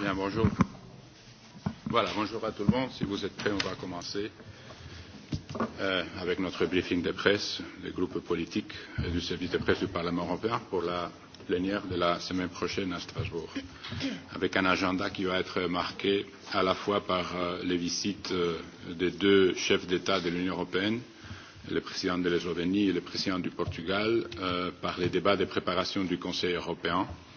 Bien, bonjour. Voilà, bonjour à tout le monde. Si vous êtes prêts, on va commencer euh, avec notre briefing de presse des groupes politiques et du service de presse du Parlement européen pour la plénière de la semaine prochaine à Strasbourg, avec un agenda qui va être marqué à la fois par les visites des deux chefs d'État de l'Union européenne, le président de l'Eslovénie et le président du Portugal, par les débats de préparation du Conseil européen, euh,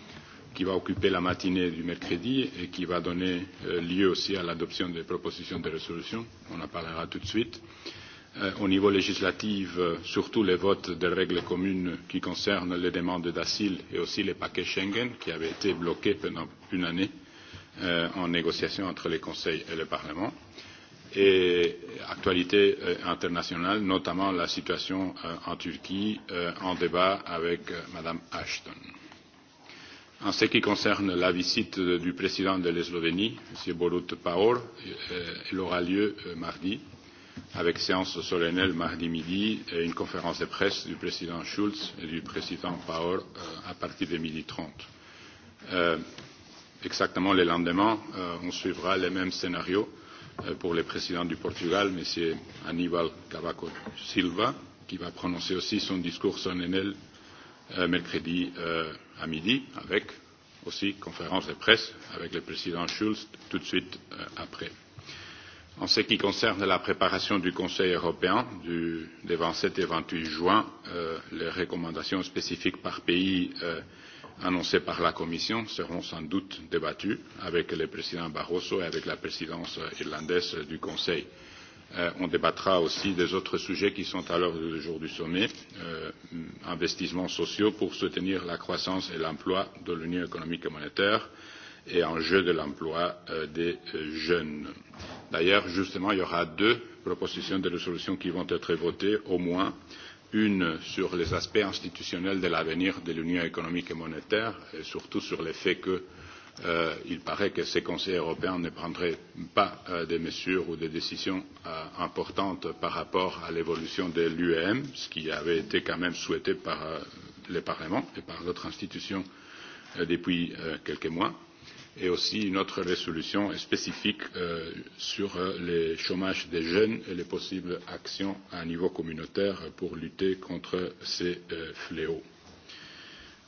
qui va occuper la matinée du mercredi et qui va donner lieu aussi à l'adoption des propositions de résolution. On en parlera tout de suite. Au niveau législatif, surtout les votes des règles communes qui concernent les demandes d'asile et aussi les paquets Schengen qui avaient été bloqués pendant une année en négociation entre le Conseil et le Parlement. Et actualité internationale, notamment la situation en Turquie, en débat avec Mme Ashton. En ce qui concerne la visite du président de l'Eslovénie, M. Borut Pahor, elle aura lieu mardi, avec séance solennelle mardi midi et une conférence de presse du président Schulz et du président Pahor à partir de midi trente. exactement le lendemain, on suivra le même scénario pour le président du Portugal, M. Aníbal Cavaco Silva, qui va prononcer aussi son discours solennel mercredi à midi, avec aussi conférence de presse avec le président Schulz tout de suite après. En ce qui concerne la préparation du Conseil européen du, des 27 et 28 juin, les recommandations spécifiques par pays annoncées par la Commission seront sans doute débattues avec le président Barroso et avec la présidence irlandaise du Conseil. Euh, on débattra aussi des autres sujets qui sont à l'ordre du jour du sommet investissements sociaux pour soutenir la croissance et l'emploi de l'Union économique et monétaire et enjeu de l'emploi des jeunes. D'ailleurs, justement, il y aura deux propositions de résolution qui vont être votées, au moins une sur les aspects institutionnels de l'avenir de l'Union économique et monétaire et surtout sur le fait que il paraît que ces conseillers européens ne prendraient pas de mesures ou de décisions importantes par rapport à l'évolution de l'UEM, ce qui avait été quand même souhaité par le Parlement et par d'autres institutions depuis quelques mois, et aussi une autre résolution spécifique sur le chômage des jeunes et les possibles actions à un niveau communautaire pour lutter contre ces fléaux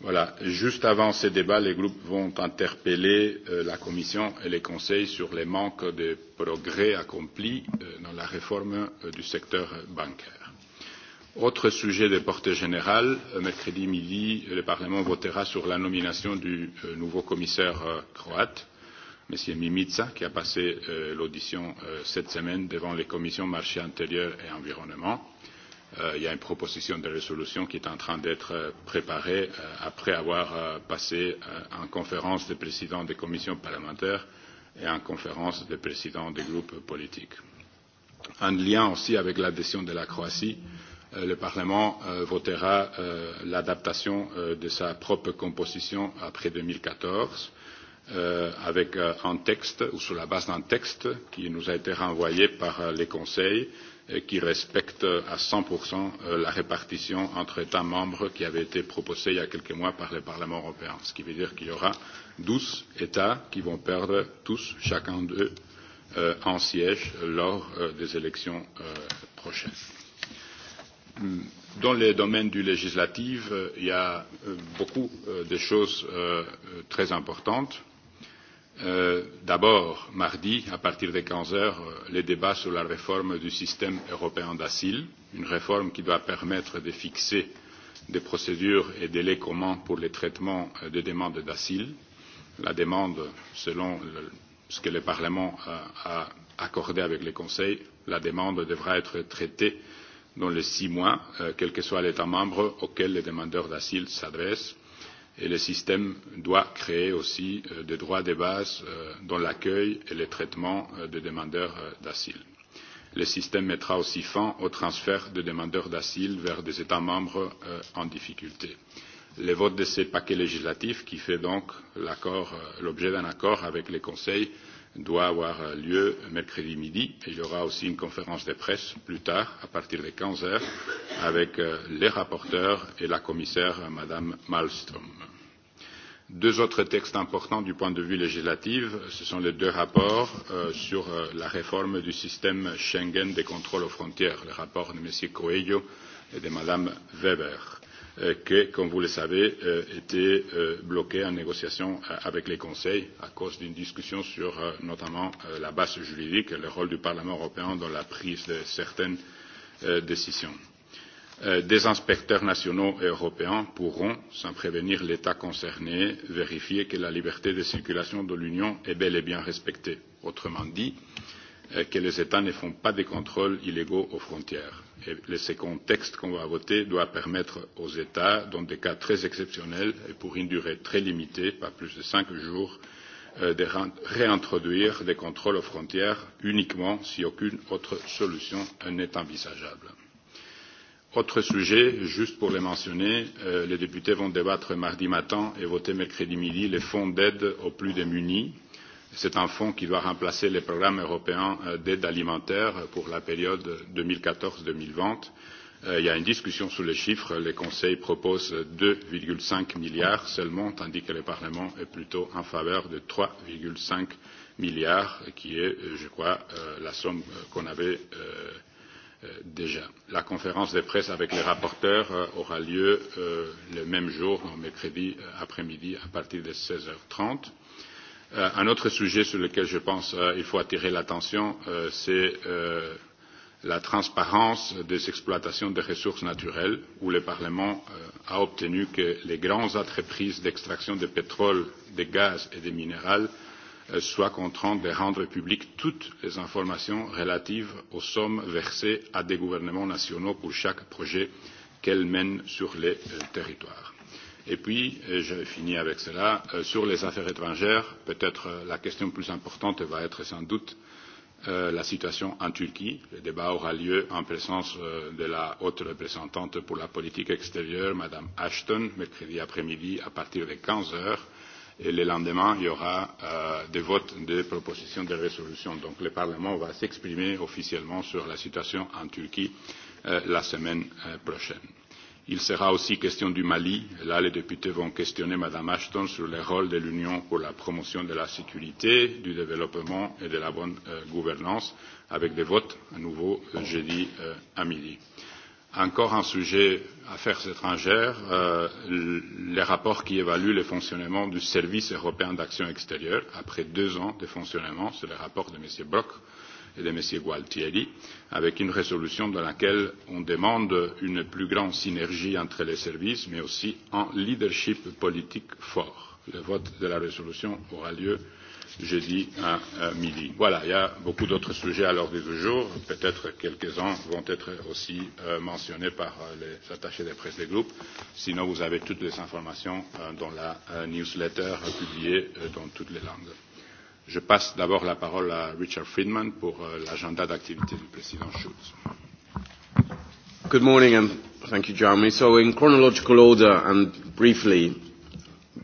Voilà. Juste avant ces débats, les groupes vont interpeller la Commission et les conseils sur les manques de progrès accomplis dans la réforme du secteur bancaire. Autre sujet de portée générale, mercredi midi, le Parlement votera sur la nomination du nouveau commissaire croate, M. Mimica, qui a passé l'audition cette semaine devant les commissions marché intérieur et environnement il y a une proposition de résolution qui est en train d'être préparée après avoir passé en conférence des présidents des commissions parlementaires et en conférence des présidents des groupes politiques. En lien aussi avec l'adhésion de la Croatie, le Parlement votera l'adaptation de sa propre composition après deux mille quatorze, avec un texte ou sur la base d'un texte qui nous a été renvoyé par les conseils qui respecte à cent la répartition entre États membres qui avait été proposée il y a quelques mois par le Parlement européen, ce qui veut dire qu'il y aura douze États qui vont perdre tous, chacun d'eux, un siège lors des élections prochaines. Dans le domaine du législatif, il y a beaucoup de choses très importantes D'abord, mardi, à partir de quinze heures, les débats sur la réforme du système européen d'asile, une réforme qui doit permettre de fixer des procédures et délais communs pour le traitement des demandes d'asile. La demande, selon ce que le Parlement a accordé avec le Conseil, la demande devra être traitée dans les six mois, quel que soit l'État membre auquel les demandeurs d'asile s'adressent et le système doit créer aussi des droits de base dans l'accueil et le traitement des demandeurs d'asile. Le système mettra aussi fin au transfert de demandeurs d'asile vers des États membres en difficulté. Le vote de ce paquet législatif, qui fait donc l'objet d'un accord avec le Conseil, doit avoir lieu mercredi midi. et Il y aura aussi une conférence de presse plus tard, à partir de quinze heures, avec les rapporteurs et la commissaire, Madame Malmström. Deux autres textes importants du point de vue législatif, ce sont les deux rapports sur la réforme du système Schengen des contrôles aux frontières, le rapport de M. Coelho et de Madame Weber qui, comme vous le savez, était bloqué en négociation avec les conseils à cause d'une discussion sur notamment la base juridique et le rôle du Parlement européen dans la prise de certaines décisions. Des inspecteurs nationaux et européens pourront, sans prévenir l'État concerné, vérifier que la liberté de circulation de l'Union est bel et bien respectée. Autrement dit, que les États ne font pas de contrôles illégaux aux frontières Et le second texte qu'on va voter doit permettre aux États, dans des cas très exceptionnels et pour une durée très limitée, pas plus de cinq jours, de réintroduire des contrôles aux frontières uniquement si aucune autre solution n'est envisageable. Autre sujet, juste pour le mentionner, les députés vont débattre mardi matin et voter mercredi midi les fonds d'aide aux plus démunis C'est un fonds qui doit remplacer les programmes européens d'aide alimentaire pour la période deux mille vingt Il y a une discussion sur les chiffres. Le Conseil propose deux cinq milliards seulement, tandis que le Parlement est plutôt en faveur de trois cinq milliards, qui est, je crois, la somme qu'on avait déjà. La conférence de presse avec les rapporteurs aura lieu le même jour, mercredi après-midi, à partir de seize heures trente un autre sujet sur lequel je pense qu'il faut attirer l'attention, c'est la transparence des exploitations des ressources naturelles, où le Parlement a obtenu que les grandes entreprises d'extraction de pétrole, de gaz et de minéraux soient contraintes de rendre publiques toutes les informations relatives aux sommes versées à des gouvernements nationaux pour chaque projet qu'elles mènent sur les territoires Et puis, je finis avec cela, sur les affaires étrangères, peut-être la question plus importante va être sans doute la situation en Turquie. Le débat aura lieu en présence de la haute représentante pour la politique extérieure, Madame Ashton, mercredi après-midi à partir de 15 heures. Et le lendemain, il y aura euh, des votes de propositions de résolution. Donc le Parlement va s'exprimer officiellement sur la situation en Turquie euh, la semaine euh, prochaine. Il sera aussi question du Mali. Là, les députés vont questionner Mme Ashton sur le rôle de l'Union pour la promotion de la sécurité, du développement et de la bonne gouvernance, avec des votes à nouveau jeudi à midi. Encore un sujet affaires étrangères, le rapport qui évalue le fonctionnement du service européen d'action extérieure après deux ans de fonctionnement, c'est le rapport de M. Brok et de M. Gualtieri, avec une résolution dans laquelle on demande une plus grande synergie entre les services, mais aussi un leadership politique fort. Le vote de la résolution aura lieu jeudi à midi. Voilà, il y a beaucoup d'autres sujets à l'ordre du jour. Peut-être quelques-uns vont être aussi mentionnés par les attachés de presse des groupes. Sinon, vous avez toutes les informations dans la newsletter publiée dans toutes les langues. Je passe d'abord la parole à Richard Friedman pour l'agenda d'activité du président Schulz. Good morning and thank you, Jeremy. So in chronological order and briefly,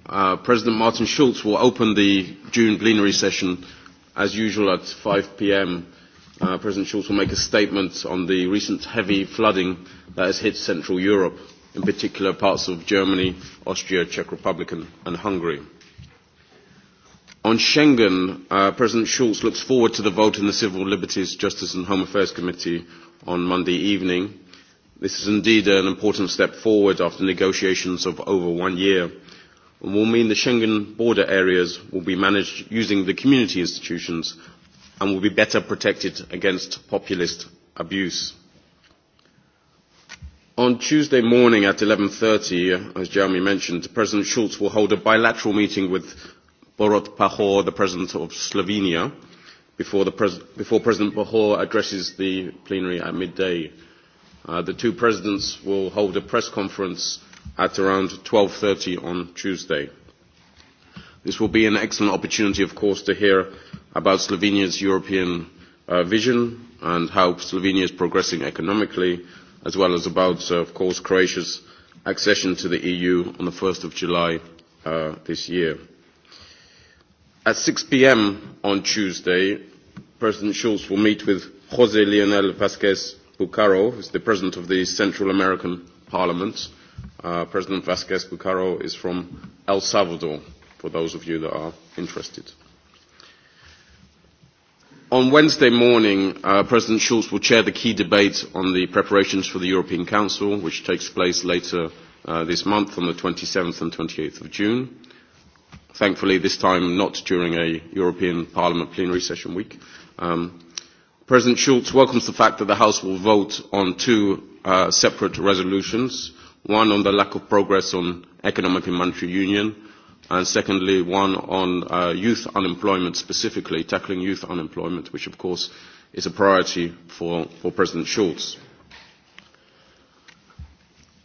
uh, President Martin Schulz will open the June plenary session as usual at 5 p.m. Uh, President Schulz will make a statement on the recent heavy flooding that has hit Central Europe, in particular parts of Germany, Austria, Czech Republic and, and Hungary. On Schengen, uh, President Schulz looks forward to the vote in the Civil Liberties, Justice and Home Affairs Committee on Monday evening. This is indeed an important step forward after negotiations of over one year and will mean the Schengen border areas will be managed using the community institutions and will be better protected against populist abuse. On Tuesday morning at 11.30, as Jeremy mentioned, President Schulz will hold a bilateral meeting with Borut Pahor, the President of Slovenia, before, the pres- before President Pahor addresses the plenary at midday. Uh, the two presidents will hold a press conference at around 12.30 on Tuesday. This will be an excellent opportunity, of course, to hear about Slovenia's European uh, vision and how Slovenia is progressing economically, as well as about, uh, of course, Croatia's accession to the EU on the 1st of July uh, this year. At 6 p.m. on Tuesday, President Schulz will meet with José Leonel Vázquez Bucaro, who is the President of the Central American Parliament. Uh, President Vasquez Bucaro is from El Salvador, for those of you that are interested. On Wednesday morning, uh, President Schulz will chair the key debate on the preparations for the European Council, which takes place later uh, this month on the 27th and 28th of June thankfully this time not during a European Parliament plenary session week. Um, President Schulz welcomes the fact that the House will vote on two uh, separate resolutions, one on the lack of progress on economic and monetary union, and secondly, one on uh, youth unemployment specifically, tackling youth unemployment, which of course is a priority for, for President Schulz.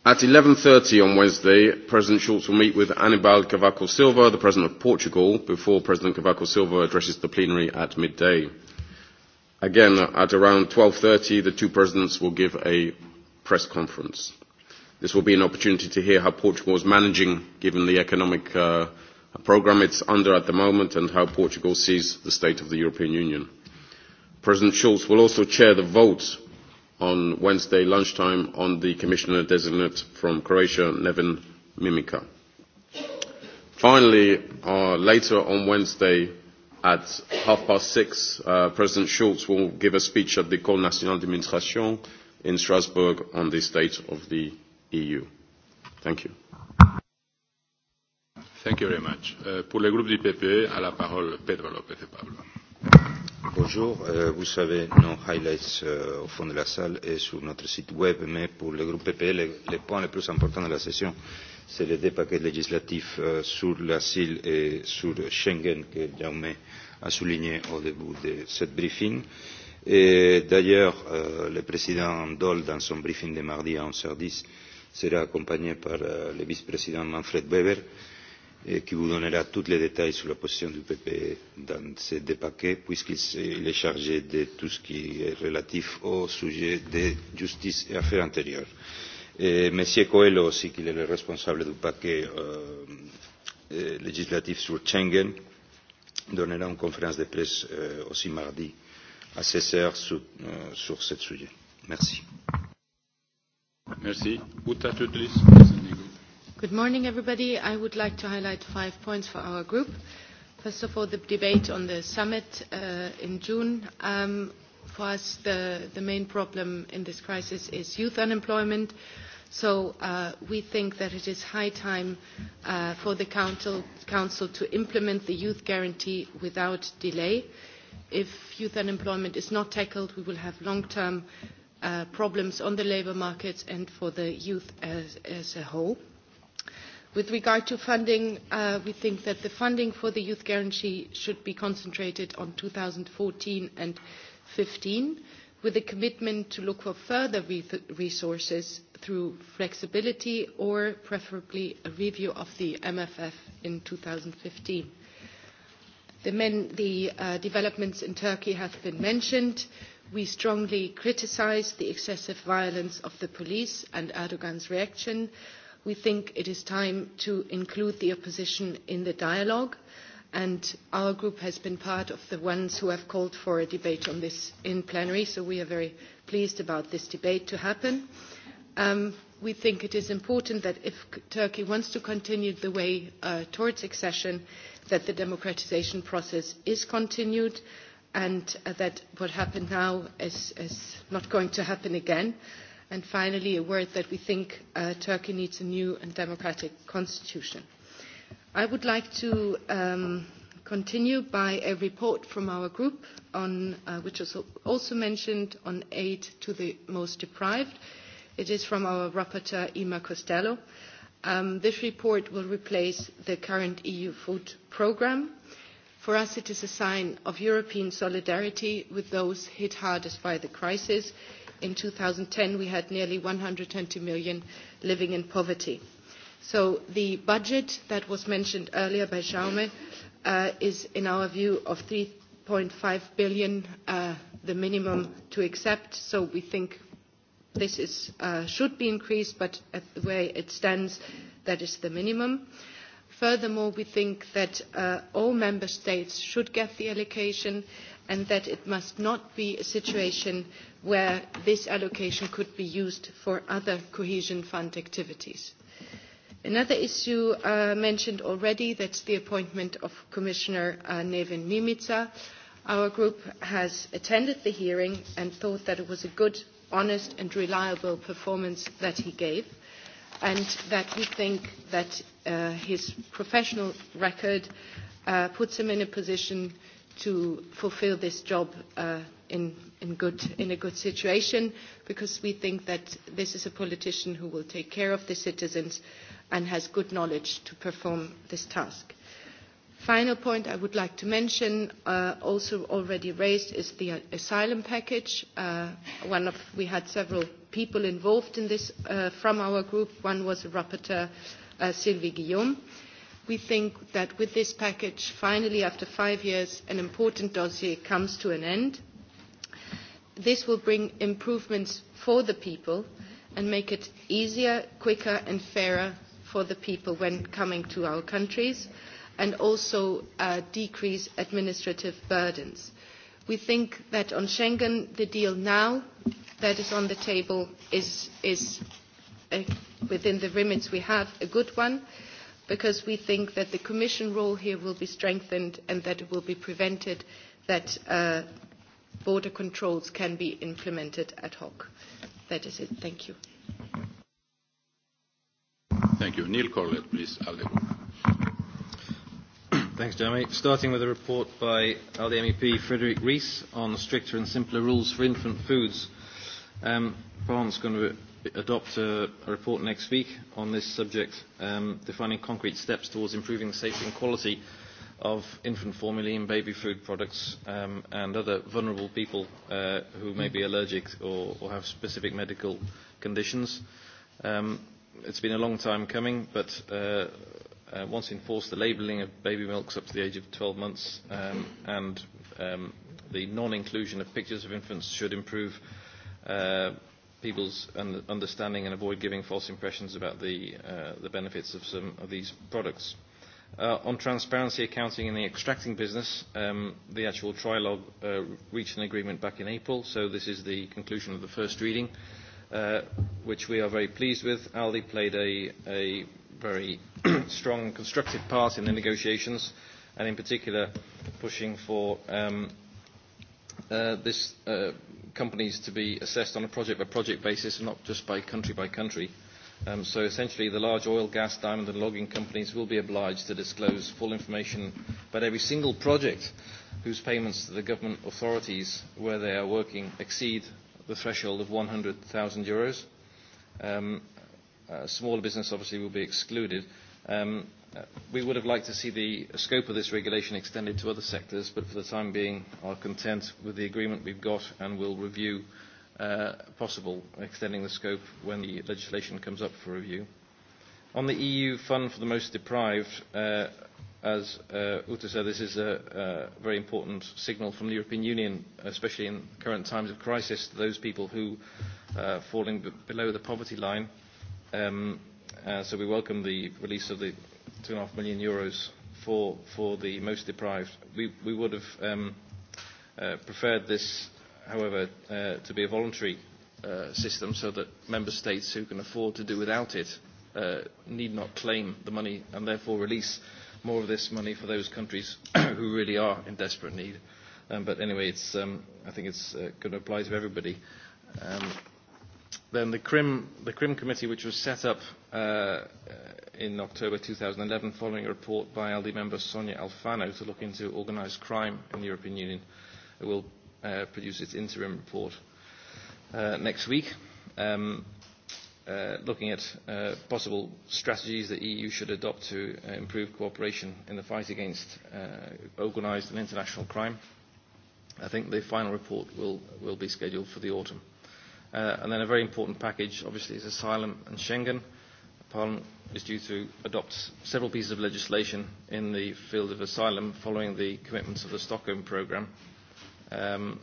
At 11.30 on Wednesday, President Schulz will meet with Anibal Cavaco Silva, the President of Portugal, before President Cavaco Silva addresses the plenary at midday. Again, at around 12.30, the two presidents will give a press conference. This will be an opportunity to hear how Portugal is managing, given the economic uh, program it's under at the moment, and how Portugal sees the state of the European Union. President Schulz will also chair the vote on Wednesday lunchtime on the Commissioner designate from Croatia, Nevin Mimica. Finally, uh, later on Wednesday at half past six, uh, President Schulz will give a speech at the École National d'Administration in Strasbourg on the state of the EU. Thank you. Thank you very much. Uh, pour le groupe du PPE, à la parole Pedro López de Pablo. Bonjour. Euh, vous savez, nos highlights euh, au fond de la salle et sur notre site web, mais pour le groupe PPE, les, les points les plus importants de la session, c'est les deux paquets législatifs euh, sur l'asile et sur Schengen que Jaume a souligné au début de ce briefing. Et d'ailleurs, euh, le président Doll, dans son briefing de mardi à 11h10, sera accompagné par euh, le vice-président Manfred Weber et qui vous donnera tous les détails sur la position du PPE dans ces deux paquets, puisqu'il est chargé de tout ce qui est relatif au sujet de justice et affaires intérieures. Et M. Coelho aussi, qui est le responsable du paquet euh, législatif sur Schengen, donnera une conférence de presse euh, aussi mardi à 16 heures sur, euh, sur ce sujet. Merci. Merci. Good morning, everybody. I would like to highlight five points for our group. First of all, the debate on the summit in June. for us, the, main problem in this crisis is youth unemployment. So we think that it is high time for the council, to implement the youth guarantee without delay. If youth unemployment is not tackled, we will have long-term problems on the labour market and for the youth as, a whole. With regard to funding, uh, we think that the funding for the youth guarantee should be concentrated on 2014 and 15, with a commitment to look for further re resources through flexibility or preferably a review of the MFF in 2015. The, men, the uh, developments in Turkey have been mentioned. We strongly criticise the excessive violence of the police and Erdogan's reaction. Uh, we think it is time to include the opposition in the dialogue and our group has been part of the ones who have called for a debate on this in plenary, so we are very pleased about this debate to happen. Um, we think it is important that if Turkey wants to continue the way uh, towards accession, that the democratization process is continued and uh, that what happened now is, is not going to happen again And finally, a word that we think uh, Turkey needs a new and democratic constitution. I would like to um, continue by a report from our group, on, uh, which was also mentioned on aid to the most deprived. It is from our rapporteur, Ima Costello. Um, this report will replace the current EU food programme. For us, it is a sign of European solidarity with those hit hardest by the crisis in 2010 we had nearly 120 million living in poverty. So the budget that was mentioned earlier by Jaume uh, is, in our view, of 3.5 billion, uh, the minimum to accept. So we think this is, uh, should be increased, but at the way it stands, that is the minimum. Uh, Furthermore, we think that uh, all member states should get the allocation and that it must not be a situation where this allocation could be used for other cohesion fund activities. Another issue uh, mentioned already, that's the appointment of Commissioner uh, Nevin Mimica. Our group has attended the hearing and thought that it was a good, honest and reliable performance that he gave and that we think that uh, his professional record uh, puts him in a position to fulfill this job uh, in, in, good, in a good situation because we think that this is a politician who will take care of the citizens and has good knowledge to perform this task. Final point I would like to mention, uh, also already raised, is the asylum package. Uh, one of, we had several people involved in this uh, from our group. One was a rapporteur uh, Sylvie Guillaume. We think that with this package, finally, after five years, an important dossier comes to an end. This will bring improvements for the people and make it easier, quicker, and fairer for the people when coming to our countries and also uh, decrease administrative burdens. We think that on Schengen, the deal now that is on the table is, is a within the remits we have a good one because we think that the Commission role here will be strengthened and that it will be prevented that uh, border controls can be implemented ad hoc. That is it. Thank you. Thank you. Neil Corlett, please. Thanks, Jeremy. Starting with a report by Alde MEP Frederick Rees on stricter and simpler rules for infant foods. Um, Parliament's going to adopt a report next week on this subject, um, defining concrete steps towards improving the safety and quality of infant formula and baby food products um, and other vulnerable people uh, who may be allergic or, or have specific medical conditions. Um, it's been a long time coming, but uh, uh, once enforced, the labelling of baby milks up to the age of 12 months um, and um, the non-inclusion of pictures of infants should improve uh, people's un- understanding and avoid giving false impressions about the, uh, the benefits of some of these products. Uh, on transparency accounting in the extracting business, um, the actual trilogue uh, reached an agreement back in April, so this is the conclusion of the first reading, uh, which we are very pleased with. ALDI played a, a very strong and constructive part in the negotiations, and in particular pushing for um, uh, this uh, companies to be assessed on a project-by-project basis and not just by country-by-country. Um, so essentially, the large oil, gas, diamond and logging companies will be obliged to disclose full information about every single project whose payments to the government authorities where they are working exceed the threshold of 100,000 euros. Um, uh, smaller business obviously will be excluded. Um, we would have liked to see the scope of this regulation extended to other sectors, but for the time being are content with the agreement we've got and will review uh, possible extending the scope when the legislation comes up for review. On the EU Fund for the Most Deprived, uh, as uh, Uta said, this is a, very important signal from the European Union, especially in current times of crisis, to those people who are falling b below the poverty line. Um, so we welcome the release of the two and a half million euros for for the most deprived. We we would have um uh preferred this, however, uh to be a voluntary uh system so that member states who can afford to do without it uh need not claim the money and therefore release more of this money for those countries who really are in desperate need. Um, but anyway, it's, um, I think it's uh, going to apply to everybody. Um, then the Crim, the Crim Committee, which was set up uh, in October 2011 following a report by ALDE member Sonia Alfano to look into organised crime in the European Union. It will uh, produce its interim report uh, next week, um, uh, looking at uh, possible strategies the EU should adopt to uh, improve cooperation in the fight against uh, organised and international crime. I think the final report will, will be scheduled for the autumn. Uh, and then a very important package, obviously, is asylum and Schengen. Parliament is due to adopt several pieces of legislation in the field of asylum following the commitments of the Stockholm programme um,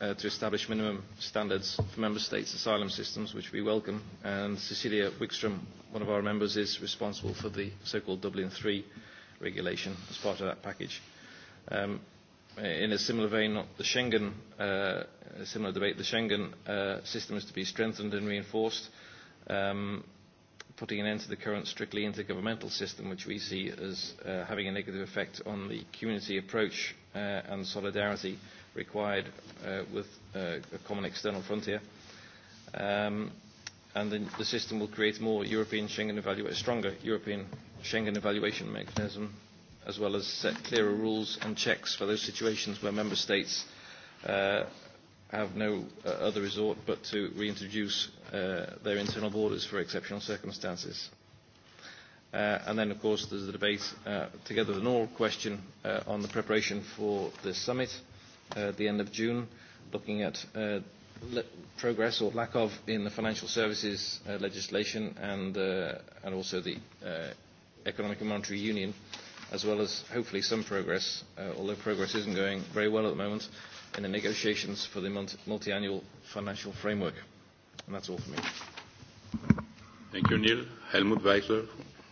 uh, to establish minimum standards for member states' asylum systems, which we welcome. And Cecilia Wickstrom, one of our members, is responsible for the so-called Dublin III regulation as part of that package. Um, in a similar vein, not the Schengen, uh, a similar debate, the Schengen uh, system is to be strengthened and reinforced. Um, putting an end to the current strictly intergovernmental system, which we see as uh, having a negative effect on the community approach uh, and solidarity required uh, with uh, a common external frontier. Um, and the, the system will create more European Schengen evaluation, stronger European Schengen evaluation mechanism, as well as set clearer rules and checks for those situations where member states uh, have no uh, other resort but to reintroduce uh, their internal borders for exceptional circumstances. Uh, and then, of course, there's the debate, uh, together with an oral question, uh, on the preparation for the summit uh, at the end of June, looking at uh, progress or lack of in the financial services uh, legislation and, uh, and also the uh, economic and monetary union, as well as hopefully some progress, uh, although progress isn't going very well at the moment, in the negotiations for the multi-annual financial framework. And that's all for me. Thank you, Neil. Helmut Weichler,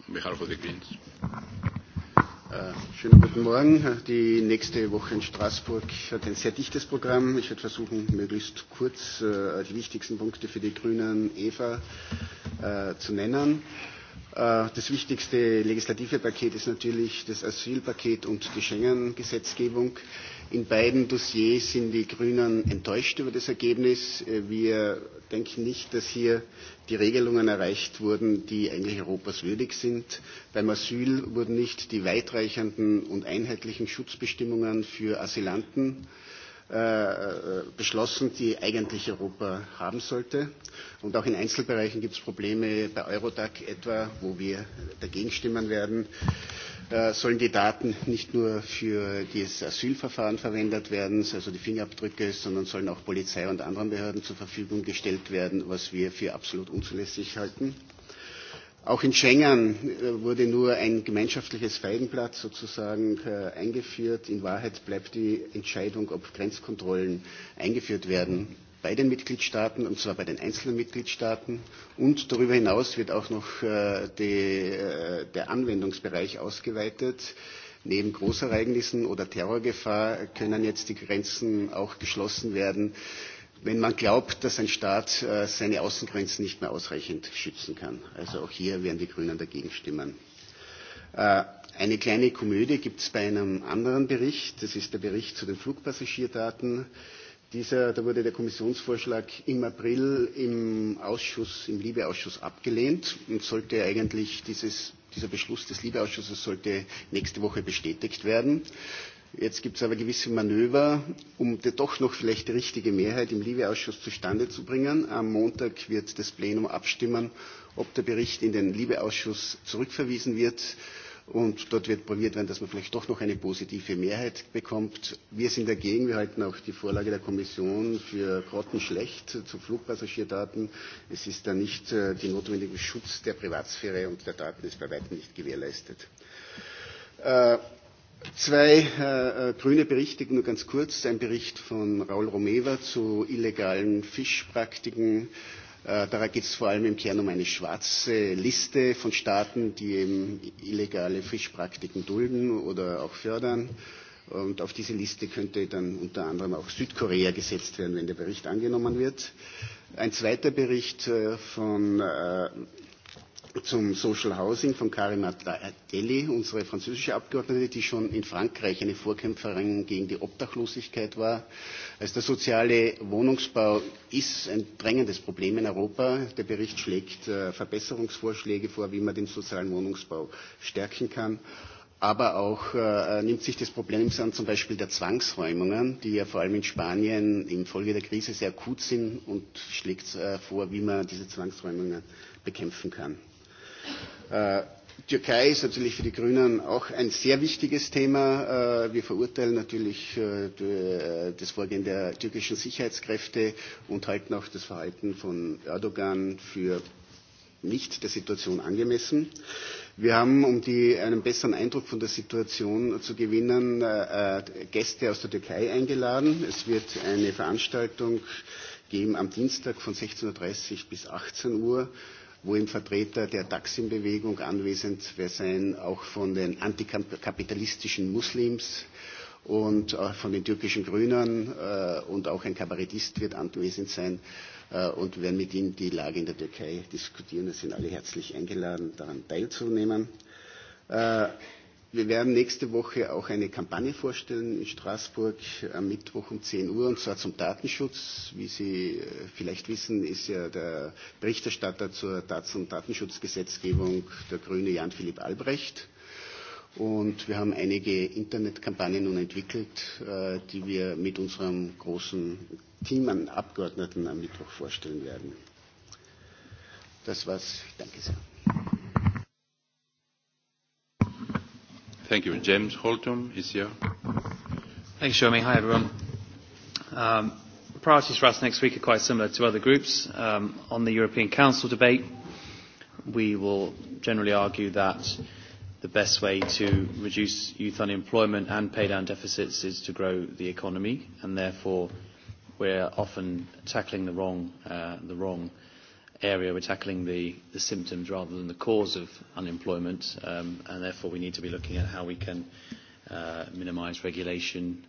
on behalf of the Greens. Schönen guten Morgen. Die nächste Woche in Straßburg hat ein sehr dichtes Programm. Ich werde versuchen, möglichst kurz die wichtigsten Punkte für die Grünen Eva zu nennen. Das wichtigste legislative Paket ist natürlich das Asylpaket und die Schengen-Gesetzgebung. In beiden Dossiers sind die Grünen enttäuscht über das Ergebnis. Wir denken nicht, dass hier die Regelungen erreicht wurden, die eigentlich Europas würdig sind. Beim Asyl wurden nicht die weitreichenden und einheitlichen Schutzbestimmungen für Asylanten äh, beschlossen, die eigentlich Europa haben sollte. Und auch in Einzelbereichen gibt es Probleme, bei Eurodac etwa, wo wir dagegen stimmen werden. Sollen die Daten nicht nur für das Asylverfahren verwendet werden, also die Fingerabdrücke, sondern sollen auch Polizei und anderen Behörden zur Verfügung gestellt werden, was wir für absolut unzulässig halten? Auch in Schengen wurde nur ein gemeinschaftliches Feigenblatt sozusagen eingeführt. In Wahrheit bleibt die Entscheidung, ob Grenzkontrollen eingeführt werden, bei den Mitgliedstaaten, und zwar bei den einzelnen Mitgliedstaaten. Und darüber hinaus wird auch noch die, der Anwendungsbereich ausgeweitet. Neben Großereignissen oder Terrorgefahr können jetzt die Grenzen auch geschlossen werden wenn man glaubt, dass ein Staat seine Außengrenzen nicht mehr ausreichend schützen kann. Also auch hier werden die Grünen dagegen stimmen. Eine kleine Komödie gibt es bei einem anderen Bericht. Das ist der Bericht zu den Flugpassagierdaten. Dieser, da wurde der Kommissionsvorschlag im April im Ausschuss, im abgelehnt und sollte eigentlich dieses, dieser Beschluss des Libeausschusses sollte nächste Woche bestätigt werden. Jetzt gibt es aber gewisse Manöver, um doch noch vielleicht die richtige Mehrheit im Libe-Ausschuss zustande zu bringen. Am Montag wird das Plenum abstimmen, ob der Bericht in den Libe-Ausschuss zurückverwiesen wird. Und dort wird probiert werden, dass man vielleicht doch noch eine positive Mehrheit bekommt. Wir sind dagegen. Wir halten auch die Vorlage der Kommission für grottenschlecht zu Flugpassagierdaten. Es ist da nicht der notwendige Schutz der Privatsphäre und der Daten ist bei weitem nicht gewährleistet. Zwei äh, grüne Berichte, nur ganz kurz. Ein Bericht von Raul Romeva zu illegalen Fischpraktiken. Äh, geht es vor allem im Kern um eine schwarze Liste von Staaten, die eben illegale Fischpraktiken dulden oder auch fördern. Und auf diese Liste könnte dann unter anderem auch Südkorea gesetzt werden, wenn der Bericht angenommen wird. Ein zweiter Bericht von zum Social Housing von Karim Attali, unsere französische Abgeordnete, die schon in Frankreich eine Vorkämpferin gegen die Obdachlosigkeit war. Also der soziale Wohnungsbau ist ein drängendes Problem in Europa. Der Bericht schlägt Verbesserungsvorschläge vor, wie man den sozialen Wohnungsbau stärken kann. Aber auch äh, nimmt sich des Problems an, zum Beispiel der Zwangsräumungen, die ja vor allem in Spanien infolge der Krise sehr akut sind und schlägt äh, vor, wie man diese Zwangsräumungen bekämpfen kann. Türkei ist natürlich für die Grünen auch ein sehr wichtiges Thema. Wir verurteilen natürlich das Vorgehen der türkischen Sicherheitskräfte und halten auch das Verhalten von Erdogan für nicht der Situation angemessen. Wir haben, um die, einen besseren Eindruck von der Situation zu gewinnen, Gäste aus der Türkei eingeladen. Es wird eine Veranstaltung geben am Dienstag von 16.30 Uhr bis 18 Uhr wo ein Vertreter der Taksim-Bewegung anwesend sein, auch von den antikapitalistischen Muslims und von den türkischen Grünen und auch ein Kabarettist wird anwesend sein und werden mit ihm die Lage in der Türkei diskutieren. Es sind alle herzlich eingeladen, daran teilzunehmen. Wir werden nächste Woche auch eine Kampagne vorstellen in Straßburg am Mittwoch um 10 Uhr und zwar zum Datenschutz. Wie Sie vielleicht wissen, ist ja der Berichterstatter zur Datenschutzgesetzgebung der Grüne Jan-Philipp Albrecht. Und wir haben einige Internetkampagnen nun entwickelt, die wir mit unserem großen Team an Abgeordneten am Mittwoch vorstellen werden. Das war's. Danke sehr. Thank you. James Holton is here. Thanks, Jeremy. Hi, everyone. Um, priorities for us next week are quite similar to other groups. Um, on the European Council debate, we will generally argue that the best way to reduce youth unemployment and pay down deficits is to grow the economy, and therefore we're often tackling the wrong, uh, the wrong uh, area we're tackling the, the symptoms rather than the cause of unemployment, um, and therefore we need to be looking at how we can uh, minimise regulation,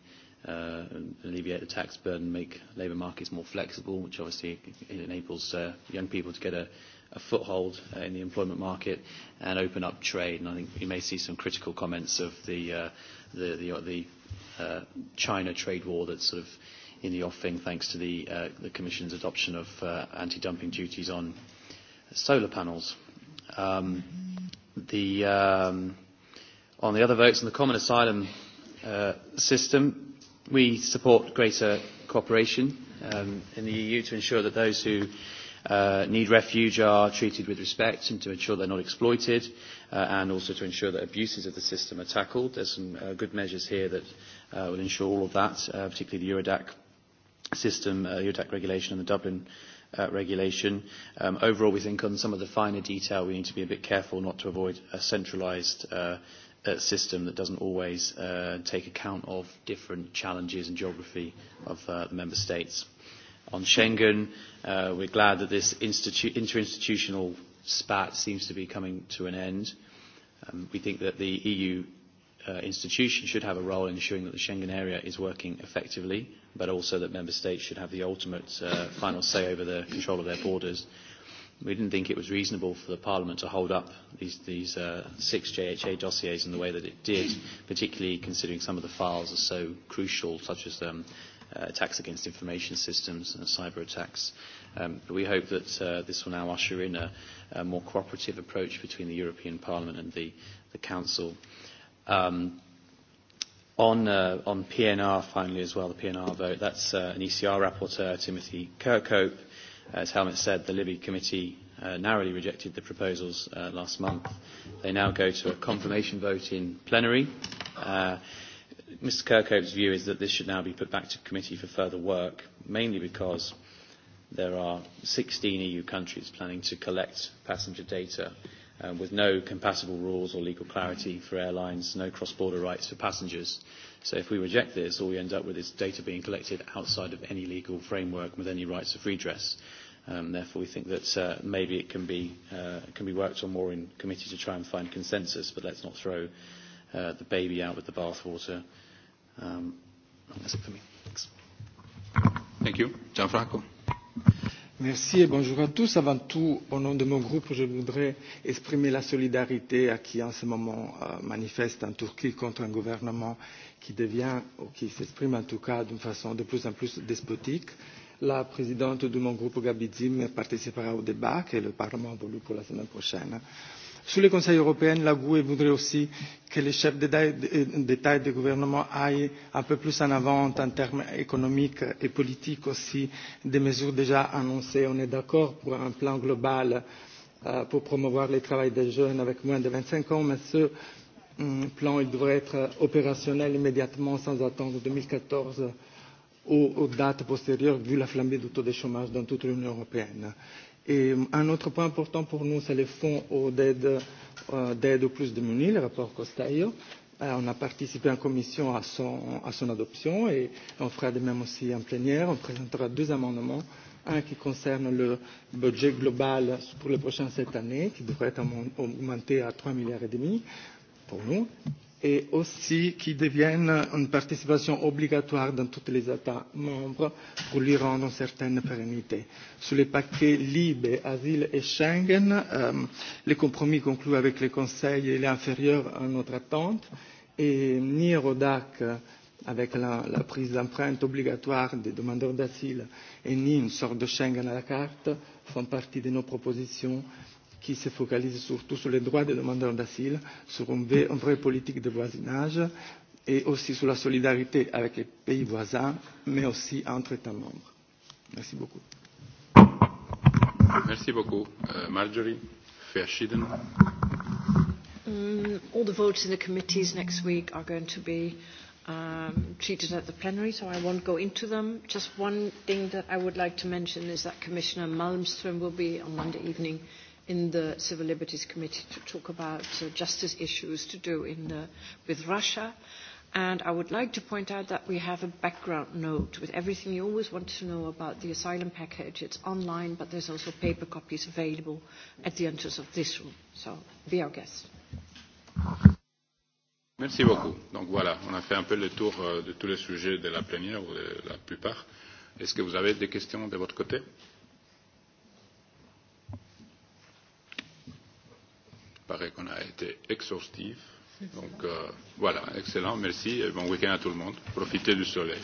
uh, and alleviate the tax burden, make labour markets more flexible, which obviously enables uh, young people to get a, a foothold uh, in the employment market and open up trade. And I think you may see some critical comments of the, uh, the, the, the uh, China trade war that's sort of in the offing thanks to the, uh, the Commission's adoption of uh, anti-dumping duties on solar panels. Um, the, um, on the other votes on the common asylum uh, system, we support greater cooperation um, in the EU to ensure that those who uh, need refuge are treated with respect and to ensure they're not exploited uh, and also to ensure that abuses of the system are tackled. There's some uh, good measures here that uh, will ensure all of that, uh, particularly the Eurodac system, uh, UTAC regulation and the Dublin uh, regulation. Um, overall, we think on some of the finer detail, we need to be a bit careful not to avoid a centralised uh, uh, system that doesn't always uh, take account of different challenges and geography of uh, the member states. On Schengen, uh, we're glad that this institu- interinstitutional spat seems to be coming to an end. Um, we think that the EU uh, institution should have a role in ensuring that the Schengen area is working effectively, but also that member states should have the ultimate uh, final say over the control of their borders. We didn't think it was reasonable for the Parliament to hold up these, these uh, six JHA dossiers in the way that it did, particularly considering some of the files are so crucial, such as um, uh, attacks against information systems and cyber attacks. Um, but we hope that uh, this will now usher in a, a more cooperative approach between the European Parliament and the, the Council. Um, on, uh, on PNR, finally, as well, the PNR vote, that's uh, an ECR rapporteur, Timothy Kirkhope. As Helmut said, the Libby Committee uh, narrowly rejected the proposals uh, last month. They now go to a confirmation vote in plenary. Uh, Mr Kirkhope's view is that this should now be put back to committee for further work, mainly because there are 16 EU countries planning to collect passenger data Um with no compatible rules or legal clarity for airlines, no cross-border rights for passengers. So if we reject this, all we end up with is data being collected outside of any legal framework with any rights of redress. Um, therefore, we think that uh, maybe it can be, uh, can be worked on more in committee to try and find consensus, but let's not throw uh, the baby out with the bathwater. Um, that's it for me. Thanks. Thank you. Gianfranco. Merci et bonjour à tous. Avant tout, au nom de mon groupe, je voudrais exprimer la solidarité à qui en ce moment euh, manifeste en Turquie contre un gouvernement qui devient, ou qui s'exprime en tout cas d'une façon de plus en plus despotique. La présidente de mon groupe, Gabi Zim, participera au débat que le Parlement a voulu pour la semaine prochaine. Euh, Sur le Conseil européen, la GUE voudrait aussi que les chefs d'État et de gouvernement aillent un peu plus en avant en termes économiques et politiques aussi des mesures déjà annoncées. On est d'accord pour un plan global pour promouvoir le travail des jeunes avec moins de 25 ans, mais ce plan il devrait être opérationnel immédiatement sans attendre 2014 ou aux dates postérieures vu la flambée du taux de chômage dans toute l'Union européenne. Et un autre point important pour nous, c'est les fonds d'aide euh, aux plus démunis, le rapport Costaio. Euh, on a participé en commission à son, à son adoption et on fera de même aussi en plénière. On présentera deux amendements. Un qui concerne le budget global pour les prochaines sept années, qui devrait être augmenté à 3 milliards et demi pour nous, et aussi qui devienne une participation obligatoire dans tous les États membres pour lui rendre une certaine pérennité. Sur les paquets Libé, Asile et Schengen, euh, le compromis conclu avec le Conseil est inférieur à notre attente et ni Rodac avec la, la prise d'empreinte obligatoire des demandeurs d'asile et ni une sorte de Schengen à la carte font partie de nos propositions qui se focalise surtout sur les droits des demandeurs d'asile, sur une vraie politique de voisinage et aussi sur la solidarité avec les pays voisins, mais aussi entre États membres. Merci beaucoup. Merci beaucoup. Uh, Marjorie Verschieden. Um, all the votes in the committees next week are going to be um, treated at the plenary, so I won't go into them. Just one thing that I would like to mention is that Commissioner Malmström will be on Monday evening in the Civil Liberties Committee to talk about uh, justice issues to do in, the with Russia. And I would like to point out that we have a background note with everything you always want to know about the asylum package. It's online, but there's also paper copies available at the entrance of this room. So be our guest. Merci beaucoup. Donc voilà, on a fait un peu le tour de tous les sujets de la plénière ou de la plupart. Est-ce que vous avez des questions de votre côté paraît qu'on a été exhaustif. Donc euh, voilà, excellent, merci et bon week-end à tout le monde. Profitez du soleil.